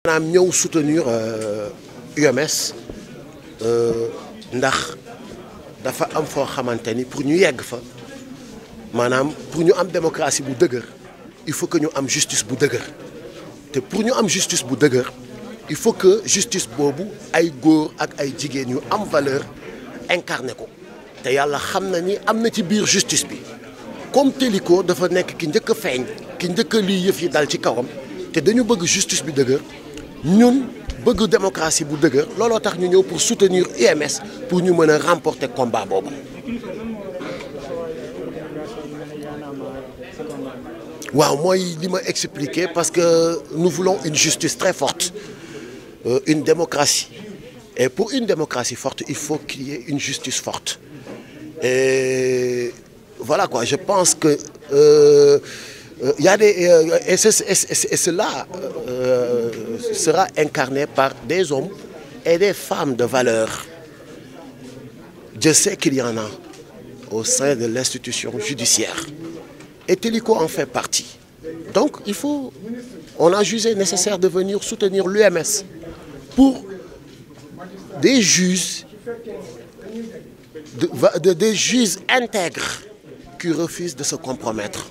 maanaam ñëw soutenir UMS euh, euh, ndax dafa am foo xamante ni pour ñu yegg fa maanaam pour ñu am démocratie bu dëgër il faut que ñu am justice bu dëgër te pour ñu am justice bu dëgër il faut que justice boobu ay góor ak ay jigéen yu am valeur incarné ko te yàlla xam na ni am na ci biir justice bi comme ko dafa nekk ki njëkk a feeñ ki njëkk lii yëf yi dal ci kawam te dañu bëgg justice bi dëgër ñun bëgg démocratie bu dëgër looloo tax ñu ñëw pour soutenir UMS pour ñu mën a remporter combat boobu. waaw mooy li ma expliquer parce que nous voulons une justice très forte euh, une démocratie et pour une démocratie forte il faut qu'il y ait une justice forte et voilà quoi je pense que euh, euh y a des euh, et c'est sera incarné par des hommes et des femmes de valeur. Je sais qu'il y en a au sein de l'institution judiciaire. Et Télico en fait partie. Donc il faut, on a jugé nécessaire de venir soutenir l'UMS pour des juges, de, de, des juges intègres qui refusent de se compromettre.